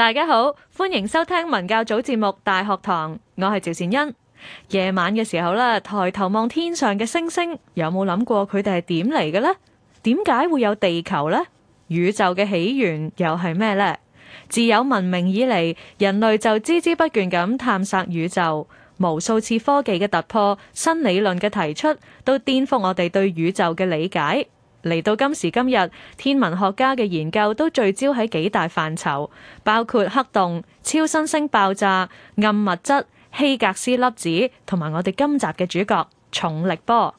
大家好，歡迎收聽文教組節目《大學堂》，我係趙善恩。夜晚嘅時候啦，抬頭望天上嘅星星，有冇諗過佢哋係點嚟嘅呢？點解會有地球呢？宇宙嘅起源又係咩呢？自有文明以嚟，人類就孜孜不倦咁探索宇宙，無數次科技嘅突破、新理論嘅提出，都顛覆我哋對宇宙嘅理解。嚟到今時今日，天文學家嘅研究都聚焦喺幾大範疇，包括黑洞、超新星爆炸、暗物質、希格斯粒子，同埋我哋今集嘅主角重力波。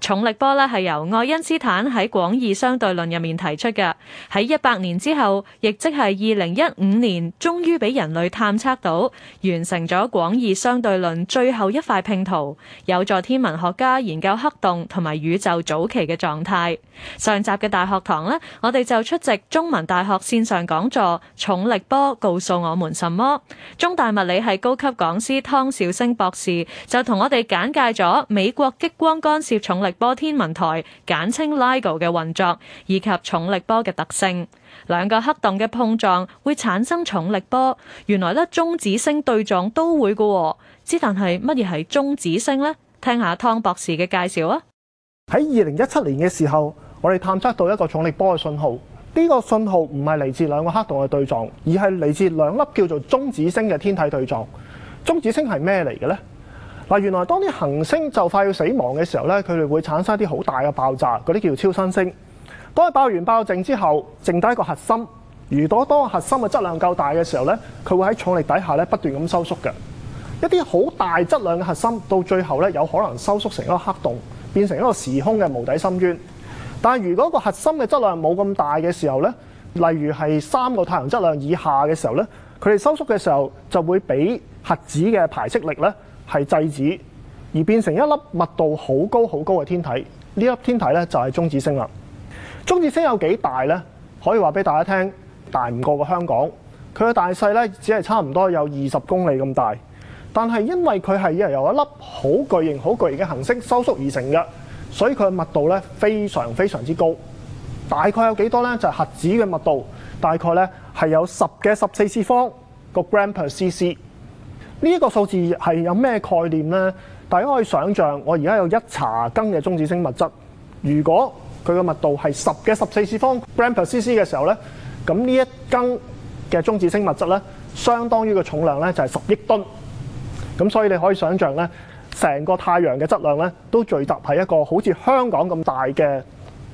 重力波咧係由愛因斯坦喺廣義相對論入面提出嘅，喺一百年之後，亦即係二零一五年，終於俾人類探測到，完成咗廣義相對論最後一塊拼圖，有助天文學家研究黑洞同埋宇宙早期嘅狀態。上集嘅大學堂呢，我哋就出席中文大學線上講座《重力波告訴我們什麼》。中大物理系高級講師湯兆昇博士就同我哋簡介咗美國激光干涉。重力波天文台簡稱 LIGO 嘅運作以及重力波嘅特性，兩個黑洞嘅碰撞會產生重力波。原來咧中子星對撞都會嘅，之但係乜嘢係中子星呢？聽下湯博士嘅介紹啊！喺二零一七年嘅時候，我哋探測到一個重力波嘅信號，呢個信號唔係嚟自兩個黑洞嘅對撞，而係嚟自兩粒叫做中子星嘅天體對撞。中子星係咩嚟嘅呢？嗱，原來當啲恆星就快要死亡嘅時候咧，佢哋會產生一啲好大嘅爆炸，嗰啲叫超新星。當佢爆完爆淨之後，剩低一個核心。如果當核心嘅質量夠大嘅時候咧，佢會喺重力底下咧不斷咁收縮嘅。一啲好大質量嘅核心，到最後咧有可能收縮成一個黑洞，變成一個時空嘅無底深淵。但係如果個核心嘅質量冇咁大嘅時候咧，例如係三個太陽質量以下嘅時候咧，佢哋收縮嘅時候就會俾核子嘅排斥力咧係制止，而變成一粒密度好高好高嘅天體。呢粒天體咧就係中子星啦。中子星有幾大呢？可以話俾大家聽，大唔過個香港。佢嘅大細咧只係差唔多有二十公里咁大。但係因為佢係由一粒好巨型好巨型嘅恆星收縮而成嘅，所以佢嘅密度咧非常非常之高。大概有幾多呢？就係核子嘅密度，大概咧係有十嘅十四次方個 gram per cc。呢個數字係有咩概念呢？大家可以想象，我而家有一茶羹嘅中子星物質，如果佢嘅密度係十嘅十四次方 gram per cc 嘅時候呢，咁呢一羹嘅中子星物質呢，相當於個重量呢就係十億噸。咁所以你可以想象呢，成個太陽嘅質量呢，都聚集喺一個好似香港咁大嘅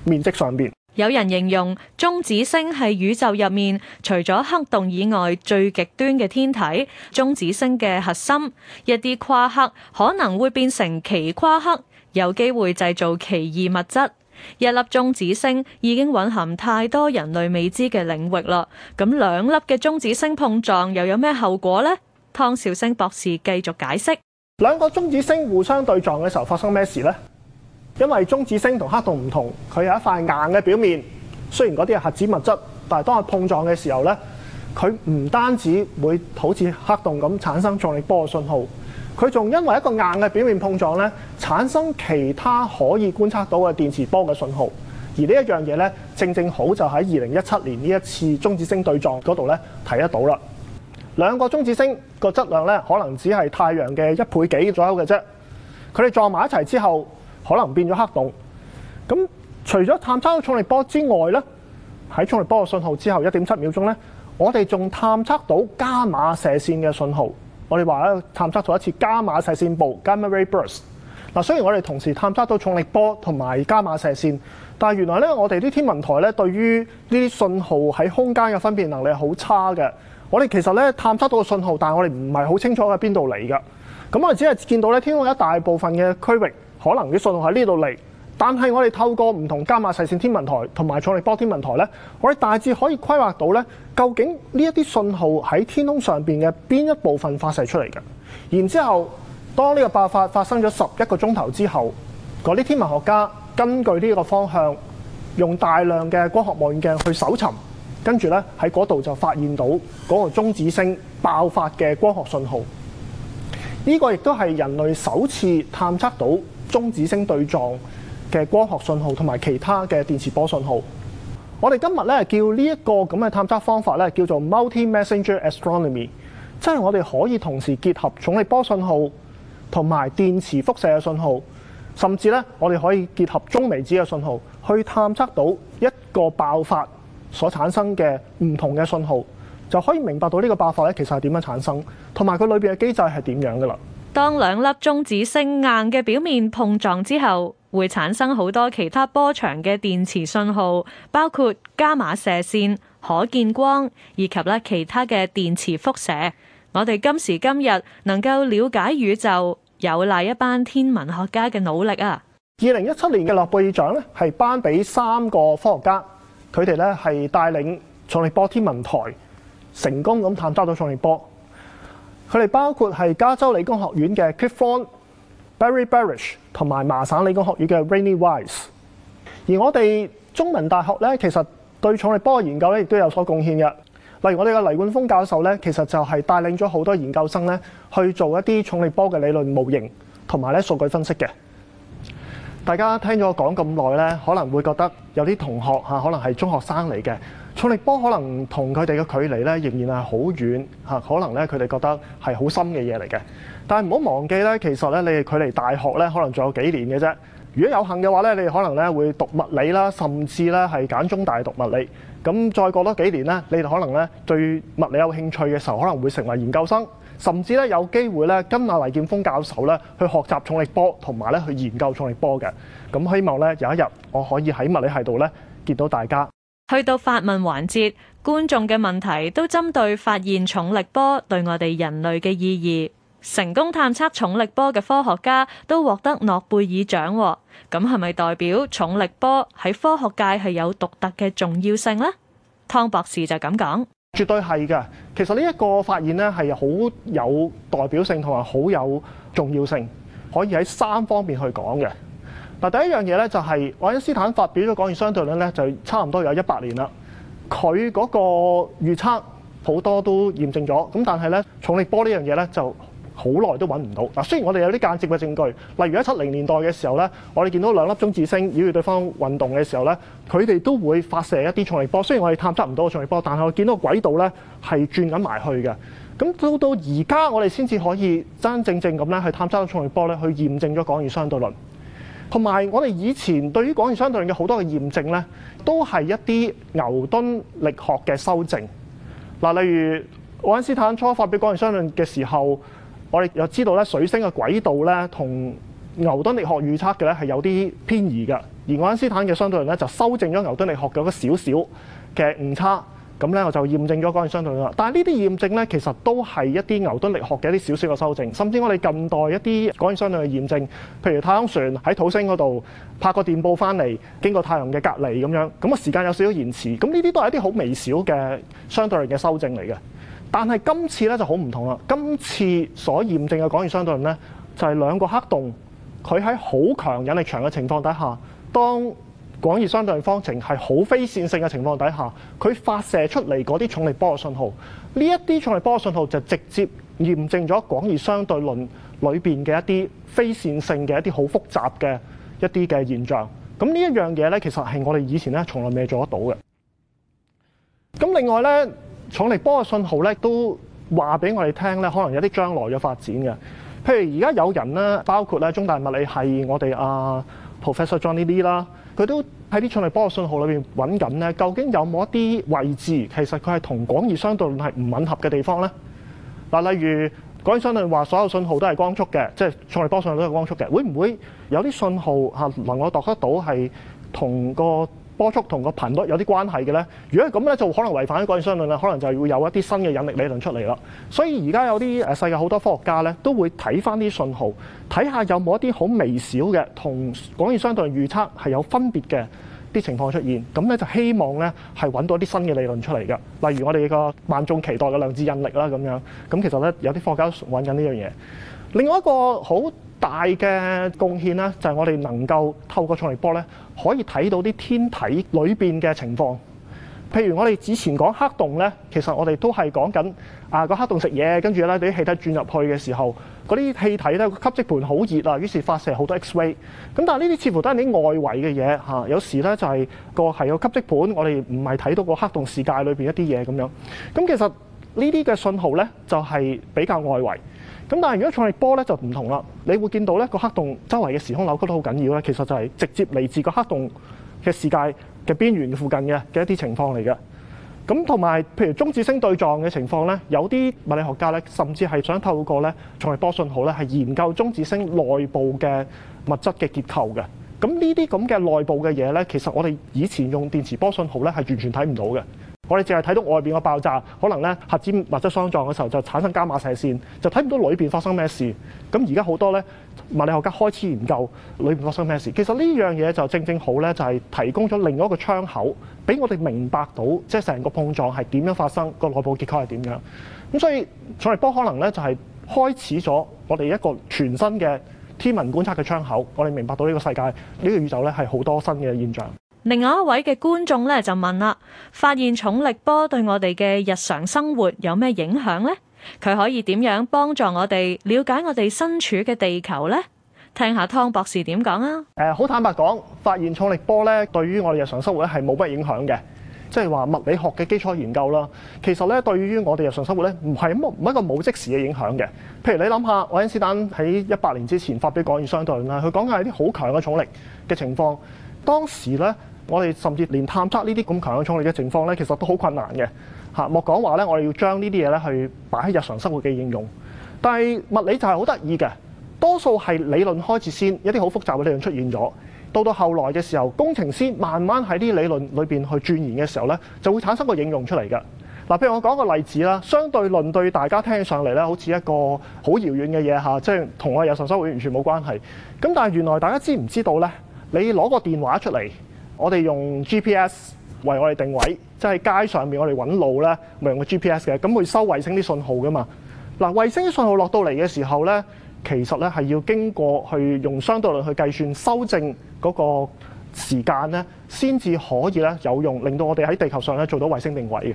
面積上面。有人形容中子星喺宇宙入面除咗黑洞以外最極端嘅天體，中子星嘅核心一啲誇克可能會變成奇誇克，有機會製造奇異物質。一粒中子星已經蘊含太多人類未知嘅領域啦，咁兩粒嘅中子星碰撞又有咩後果咧？湯兆星博士繼續解釋：兩個中子星互相對撞嘅時候發生咩事咧？因為中子星同黑洞唔同，佢有一塊硬嘅表面。雖然嗰啲係核子物質，但係當佢碰撞嘅時候呢，佢唔單止會好似黑洞咁產生重力波嘅信號，佢仲因為一個硬嘅表面碰撞呢，產生其他可以觀察到嘅電磁波嘅信號。而呢一樣嘢呢，正正好就喺二零一七年呢一次中子星對撞嗰度呢睇得到啦。兩個中子星個質量呢，可能只係太陽嘅一倍幾左右嘅啫，佢哋撞埋一齊之後，可能變咗黑洞咁，除咗探測到重力波之外咧，喺重力波嘅信號之後一點七秒鐘咧，我哋仲探測到伽馬射線嘅信號。我哋話咧，探測到一次伽馬射線部，g a m m a ray burst）。嗱，雖然我哋同時探測到重力波同埋伽馬射線，但原來咧，我哋啲天文台咧，對於呢啲信號喺空間嘅分辨能力好差嘅。我哋其實咧探測到嘅信號，但係我哋唔係好清楚喺邊度嚟㗎。咁我哋只係見到咧，天空一大部分嘅區域。可能啲信號喺呢度嚟，但係我哋透過唔同伽馬射線天文台同埋重力波天文台呢，我哋大致可以規劃到呢，究竟呢一啲信號喺天空上邊嘅邊一部分發射出嚟嘅。然之後，當呢個爆發發生咗十一個鐘頭之後，嗰啲天文學家根據呢個方向，用大量嘅光學望遠鏡去搜尋，跟住呢，喺嗰度就發現到嗰個中子星爆發嘅光學信號。呢個亦都係人類首次探測到。中子星對撞嘅光學信號同埋其他嘅電磁波信號，我哋今日咧叫呢一個咁嘅探測方法咧叫做 Multi-Messenger Astronomy，即係我哋可以同時結合重力波信號同埋電磁輻射嘅信號，甚至咧我哋可以結合中微子嘅信號，去探測到一個爆發所產生嘅唔同嘅信號，就可以明白到呢個爆發咧其實係點樣產生，同埋佢裏邊嘅機制係點樣噶啦。當兩粒中子星硬嘅表面碰撞之後，會產生好多其他波長嘅電磁信號，包括伽馬射線、可見光以及其他嘅電磁輻射。我哋今時今日能夠了解宇宙，有賴一班天文學家嘅努力啊！二零一七年嘅諾貝爾獎咧，係頒俾三個科學家，佢哋咧係帶領重力波天文台成功咁探測到重力波。佢哋包括係加州理工學院嘅 Kip Thorne、Barry Barish 同埋麻省理工學院嘅 Rainer Weiss，而我哋中文大學咧，其實對重力波嘅研究咧亦都有所貢獻嘅。例如我哋嘅黎冠峰教授咧，其實就係帶領咗好多研究生咧去做一啲重力波嘅理論模型同埋咧數據分析嘅。大家聽咗我講咁耐咧，可能會覺得有啲同學吓可能係中學生嚟嘅。重力波可能同佢哋嘅距離咧，仍然係好遠嚇，可能咧佢哋覺得係好深嘅嘢嚟嘅。但係唔好忘記咧，其實咧你哋距離大學咧，可能仲有幾年嘅啫。如果有幸嘅話咧，你哋可能咧會讀物理啦，甚至咧係揀中大讀物理。咁再過多幾年咧，你哋可能咧對物理有興趣嘅時候，可能會成為研究生，甚至咧有機會咧跟阿黎建峰教授咧去學習重力波，同埋咧去研究重力波嘅。咁希望咧有一日我可以喺物理系度咧見到大家。去到發問環節，觀眾嘅問題都針對發現重力波對我哋人類嘅意義。成功探測重力波嘅科學家都獲得諾貝爾獎，喎，咁係咪代表重力波喺科學界係有獨特嘅重要性呢？湯博士就咁講，絕對係噶。其實呢一個發現呢，係好有代表性同埋好有重要性，可以喺三方面去講嘅。嗱，第一樣嘢咧就係愛因斯坦發表咗廣義相對論咧，就差唔多有一百年啦。佢嗰個預測好多都驗證咗，咁但係咧重力波呢樣嘢咧就好耐都揾唔到。嗱，雖然我哋有啲間接嘅證據，例如喺七零年代嘅時候咧，我哋見到兩粒中子星繞住對方運動嘅時候咧，佢哋都會發射一啲重力波。雖然我哋探測唔到重力波，但係我見到個軌道咧係轉緊埋去嘅。咁到到而家我哋先至可以真真正正咁咧去探測到重力波咧，去驗證咗廣義相對論。同埋，我哋以前對於廣義相對論嘅好多嘅驗證呢，都係一啲牛頓力學嘅修正。嗱，例如愛因斯坦初發表廣義相對論嘅時候，我哋又知道咧水星嘅軌道呢，同牛頓力學預測嘅呢，係有啲偏移嘅，而愛因斯坦嘅相對論呢，就修正咗牛頓力學嘅一少少嘅誤差。咁咧我就驗證咗廣義相對論啦。但係呢啲驗證咧，其實都係一啲牛頓力學嘅一啲小小嘅修正。甚至我哋近代一啲廣義相對論嘅驗證，譬如太空船喺土星嗰度拍個電報翻嚟，經過太陽嘅隔離咁樣，咁個時間有少少延遲。咁呢啲都係一啲好微小嘅相對論嘅修正嚟嘅。但係今次咧就好唔同啦。今次所驗證嘅廣義相對論咧，就係兩個黑洞，佢喺好強引力場嘅情況底下，當廣義相對論方程係好非線性嘅情況底下，佢發射出嚟嗰啲重力波嘅信號，呢一啲重力波嘅信號就直接驗證咗廣義相對論裏邊嘅一啲非線性嘅一啲好複雜嘅一啲嘅現象。咁呢一樣嘢咧，其實係我哋以前咧從來未做得到嘅。咁另外咧，重力波嘅信號咧都話俾我哋聽咧，可能有啲將來嘅發展嘅。譬如而家有人咧，包括咧中大物理係我哋啊 Professor John Lee 啦。佢都喺啲重力波嘅信號裏邊揾緊呢，究竟有冇一啲位置其實佢係同廣義相對論係唔吻合嘅地方呢？嗱，例如廣義相對論話所有信號都係光速嘅，即係重力波的信號都係光速嘅，會唔會有啲信號嚇能夠度得到係同個？波速同個頻率有啲關係嘅呢。如果咁咧就可能違反咗廣義相對論啦，可能就會有一啲新嘅引力理論出嚟啦。所以而家有啲誒世界好多科學家呢，都會睇翻啲信號，睇下有冇一啲好微小嘅同廣義相對論嘅預測係有分別嘅啲情況出現。咁呢，就希望呢係揾到一啲新嘅理論出嚟嘅，例如我哋個萬眾期待嘅量子引力啦，咁樣咁其實呢，有啲科學家揾緊呢樣嘢。另外一個好。大嘅貢獻咧，就係、是、我哋能夠透過重力波咧，可以睇到啲天體裏邊嘅情況。譬如我哋之前講黑洞咧，其實我哋都係講緊啊、那個黑洞食嘢，跟住咧啲氣體轉入去嘅時候，嗰啲氣體咧吸積盤好熱啊，於是發射好多 X-ray。咁但係呢啲似乎都係啲外圍嘅嘢嚇。有時咧就係個係個吸積盤，我哋唔係睇到個黑洞視界裏邊一啲嘢咁樣。咁其實這些呢啲嘅信號咧，就係、是、比較外圍。咁但係如果重力波咧就唔同啦，你會見到咧個黑洞周圍嘅時空扭曲得好緊要咧，其實就係直接嚟自個黑洞嘅世界嘅邊緣嘅附近嘅嘅一啲情況嚟嘅。咁同埋，譬如中子星對撞嘅情況咧，有啲物理學家咧甚至係想透過咧重力波信號咧，係研究中子星內部嘅物質嘅結構嘅。咁呢啲咁嘅內部嘅嘢咧，其實我哋以前用電磁波信號咧係完全睇唔到嘅。我哋淨係睇到外面個爆炸，可能咧核子物質相撞嘅時候就產生伽碼射線，就睇唔到裏面發生咩事。咁而家好多咧物理學家開始研究裏面發生咩事。其實呢樣嘢就正正好咧，就係、是、提供咗另一個窗口，俾我哋明白到即係成個碰撞係點樣發生，個內部結構係點樣。咁所以重力波可能咧就係、是、開始咗我哋一個全新嘅天文觀察嘅窗口，我哋明白到呢個世界、呢、這個宇宙咧係好多新嘅現象。另外一位嘅觀眾咧就問啦：發現重力波對我哋嘅日常生活有咩影響呢？佢可以點樣幫助我哋了解我哋身處嘅地球呢？聽下湯博士點講啊！誒、呃，好坦白講，發現重力波咧，對於我哋日常生活咧係冇乜影響嘅，即係話物理學嘅基礎研究啦。其實咧，對於我哋日常生活咧，唔係唔係一個冇即時嘅影響嘅。譬如你諗下，愛因斯坦喺一百年之前發表廣義相對論啦，佢講緊係啲好強嘅重力嘅情況，當時咧。我哋甚至連探測呢啲咁強嘅重力嘅情況呢，其實都好困難嘅嚇。莫講話呢我哋要將呢啲嘢呢去擺喺日常生活嘅應用，但係物理就係好得意嘅，多數係理論開始先，一啲好複雜嘅理論出現咗。到到後來嘅時候，工程師慢慢喺啲理論裏面去鑽研嘅時候呢就會產生個應用出嚟㗎嗱。譬如我講個例子啦，相對論對大家聽起上嚟呢，好似一個好遙遠嘅嘢嚇，即係同我哋日常生活完全冇關係。咁但係原來大家知唔知道呢，你攞個電話出嚟。我哋用 GPS 為我哋定位，即係街上面我哋揾路咧，咪用個 GPS 嘅，咁會收衛星啲信號噶嘛。嗱、呃，衛星啲信號落到嚟嘅時候咧，其實咧係要經過去用相對論去計算修正嗰個時間咧，先至可以咧有用，令到我哋喺地球上咧做到衛星定位嘅。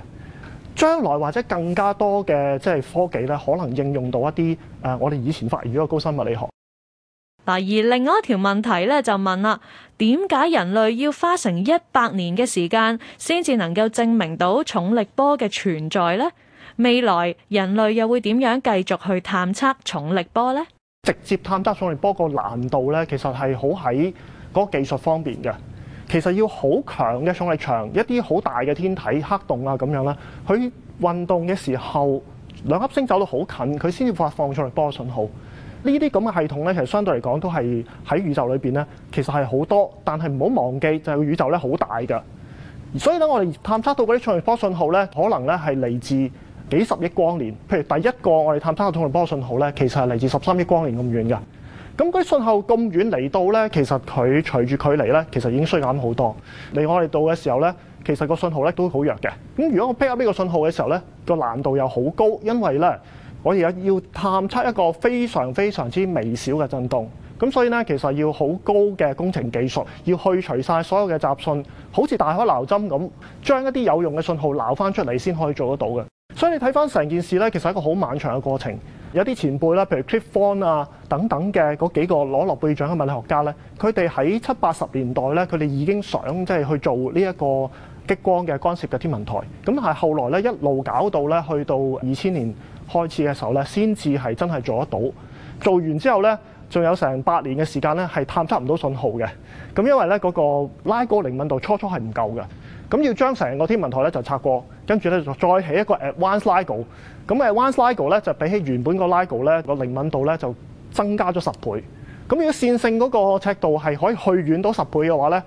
將來或者更加多嘅即係科技咧，可能應用到一啲誒、呃、我哋以前發現嘅高新物理學。嗱，而另外一條問題咧，就問啦：點解人類要花成一百年嘅時間，先至能夠證明到重力波嘅存在呢？未來人類又會點樣繼續去探測重力波呢？直接探測重力波個難度咧，其實係好喺嗰個技術方面嘅。其實要好強嘅重力場，一啲好大嘅天體、黑洞啊咁樣啦，佢運動嘅時候，兩粒星走到好近，佢先至發放重力波信號。呢啲咁嘅系統咧，其實相對嚟講都係喺宇宙裏邊咧，其實係好多，但係唔好忘記就係宇宙咧好大嘅，所以咧我哋探測到嗰啲重力波信號咧，可能咧係嚟自幾十億光年。譬如第一個我哋探測到重力波信號咧，其實係嚟自十三億光年咁遠嘅。咁嗰啲信號咁遠嚟到咧，其實佢隨住距離咧，其實已經衰減好多。嚟我哋到嘅時候咧，其實個信號咧都好弱嘅。咁如果我 pick up 呢個信號嘅時候咧，個難度又好高，因為咧，我而家要探測一個非常非常之微小嘅震動，咁所以呢，其實要好高嘅工程技術，要去除晒所有嘅雜訊，好似大海撈針咁，將一啲有用嘅信號撈翻出嚟先可以做得到嘅。所以你睇翻成件事呢，其實係一個好漫長嘅過程。有啲前輩啦，譬如 Clifford 啊等等嘅嗰幾個攞諾貝爾獎嘅物理學家呢，佢哋喺七八十年代呢，佢哋已經想即係去做呢一個激光嘅干涉嘅天文台。咁但係後來呢，一路搞到呢，去到二千年。開始嘅時候咧，先至係真係做得到。做完之後咧，仲有成八年嘅時間咧，係探測唔到信號嘅。咁因為咧，嗰個 LIGO 靈敏度初初係唔夠嘅。咁要將成個天文台咧就拆過，跟住咧就再起一個誒 Advanced LIGO。咁嘅 Advanced LIGO 咧就比起原本個 LIGO 咧，嗰個靈敏度咧就增加咗十倍。咁如果線性嗰個尺度係可以去遠到十倍嘅話咧，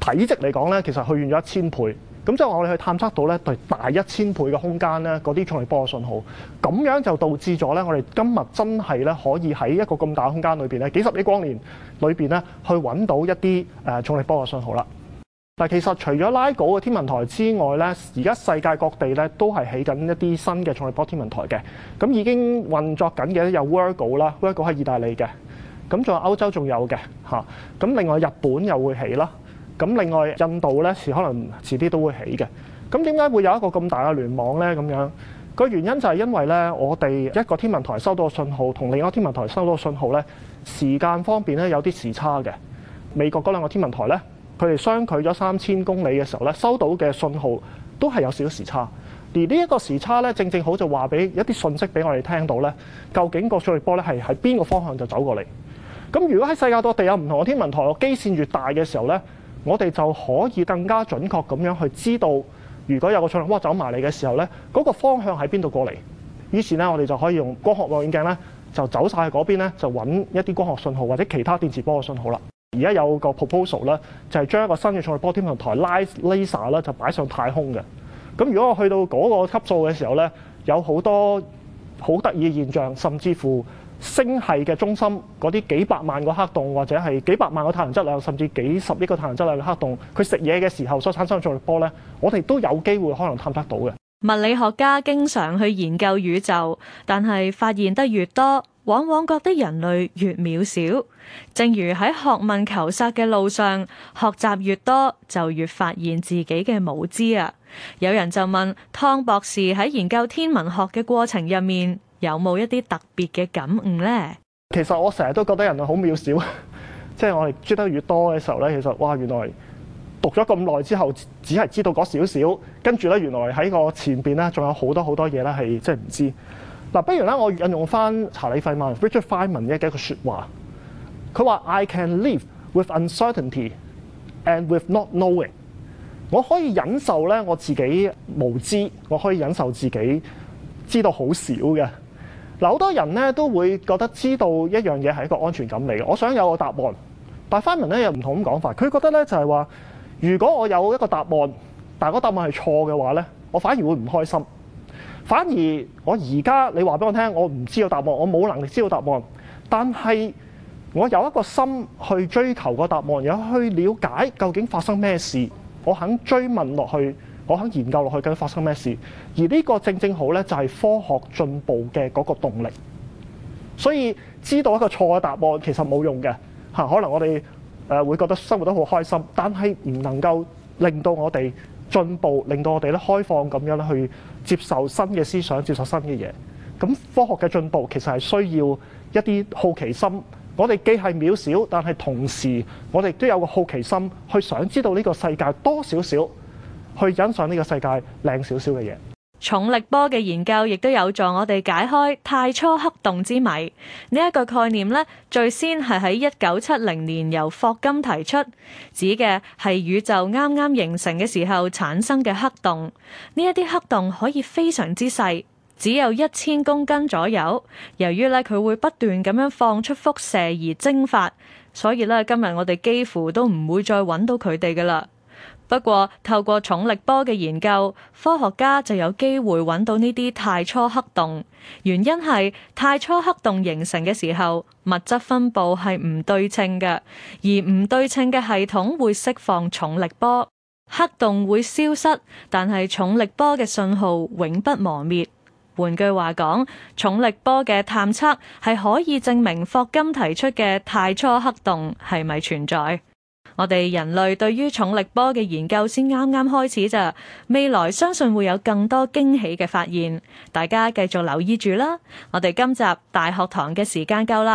體積嚟講咧其實去遠咗一千倍。咁即係我哋去探測到咧，對大一千倍嘅空間咧，嗰啲重力波嘅信號，咁樣就導致咗咧，我哋今日真係咧可以喺一個咁大空間裏面咧，幾十億光年裏面咧，去揾到一啲誒重力波嘅信號啦。嗱，其實除咗拉稿嘅天文台之外咧，而家世界各地咧都係起緊一啲新嘅重力波天文台嘅。咁已經運作緊嘅咧有 Virgo 啦 Virgo 係意大利嘅，咁仲有歐洲仲有嘅嚇，咁另外日本又會起啦。咁另外，印度咧是可能遲啲都會起嘅。咁點解會有一個咁大嘅聯網咧？咁樣個原因就係因為咧，我哋一個天文台收到嘅信號同另一個天文台收到嘅信號咧，時間方面咧有啲時差嘅。美國嗰兩個天文台咧，佢哋相距咗三千公里嘅時候咧，收到嘅信號都係有少少時差。而呢一個時差咧，正正好就話俾一啲信息俾我哋聽到咧，究竟個重力波咧係喺邊個方向就走過嚟。咁如果喺世界各地有唔同嘅天文台，個基綫越大嘅時候咧。我哋就可以更加準確咁樣去知道，如果有個重力波走埋嚟嘅時候呢嗰、那個方向喺邊度過嚟？於是呢，我哋就可以用光學望遠鏡呢，就走晒去嗰邊咧，就揾一啲光學信號或者其他電磁波嘅信號啦。而家有個 proposal 呢，就係、是、將一個新嘅重力波天文台拉 LISA 呢，就擺上太空嘅。咁如果我去到嗰個級數嘅時候呢，有好多好得意嘅現象，甚至乎。星系嘅中心嗰啲幾百萬個黑洞，或者係幾百萬個太陽質量，甚至幾十億個太陽質量嘅黑洞，佢食嘢嘅時候所產生嘅重力波咧，我哋都有機會可能探測到嘅。物理學家經常去研究宇宙，但係發現得越多，往往覺得人類越渺小。正如喺學問求索嘅路上，學習越多就越發現自己嘅無知啊！有人就問湯博士喺研究天文學嘅過程入面。有冇一啲特別嘅感悟咧？其實我成日都覺得人係好渺小，即係我哋知得越多嘅時候咧，其實哇，原來讀咗咁耐之後，只係知道嗰少少，跟住咧原來喺我前面咧，仲有好多好多嘢咧係真係唔知嗱。不如咧，我引用翻查理費曼 Richard Feynman 嘅一個説話，佢話：I can live with uncertainty and with not knowing。我可以忍受咧我自己無知，我可以忍受自己知道好少嘅。嗱，好多人咧都會覺得知道一樣嘢係一個安全感嚟嘅。我想有個答案，但係翻文咧有唔同咁講法。佢覺得咧就係話，如果我有一個答案，但係嗰答案係錯嘅話咧，我反而會唔開心。反而我而家你話俾我聽，我唔知道答案，我冇能力知道答案，但係我有一個心去追求個答案，有去了解究竟發生咩事，我肯追問落去。我肯研究落去，究竟發生咩事？而呢個正正好咧，就係科學進步嘅嗰個動力。所以知道一個錯嘅答案其實冇用嘅吓，可能我哋誒會覺得生活得好開心，但係唔能夠令到我哋進步，令到我哋咧開放咁樣去接受新嘅思想，接受新嘅嘢。咁科學嘅進步其實係需要一啲好奇心。我哋既係渺小，但係同時我哋都有個好奇心，去想知道呢個世界多少少。去欣賞呢個世界靚少少嘅嘢。重力波嘅研究亦都有助我哋解開太初黑洞之謎。呢一個概念呢，最先係喺一九七零年由霍金提出，指嘅係宇宙啱啱形成嘅時候產生嘅黑洞。呢一啲黑洞可以非常之細，只有一千公斤左右。由於咧佢會不斷咁樣放出輻射而蒸發，所以咧今日我哋幾乎都唔會再揾到佢哋噶啦。不過，透過重力波嘅研究，科學家就有機會揾到呢啲太初黑洞。原因係太初黑洞形成嘅時候，物質分佈係唔對稱嘅，而唔對稱嘅系統會釋放重力波。黑洞會消失，但係重力波嘅信號永不磨滅。換句話講，重力波嘅探測係可以證明霍金提出嘅太初黑洞係咪存在。我哋人類對於重力波嘅研究先啱啱開始咋，未來相信會有更多驚喜嘅發現，大家繼續留意住啦。我哋今集大學堂嘅時間夠啦。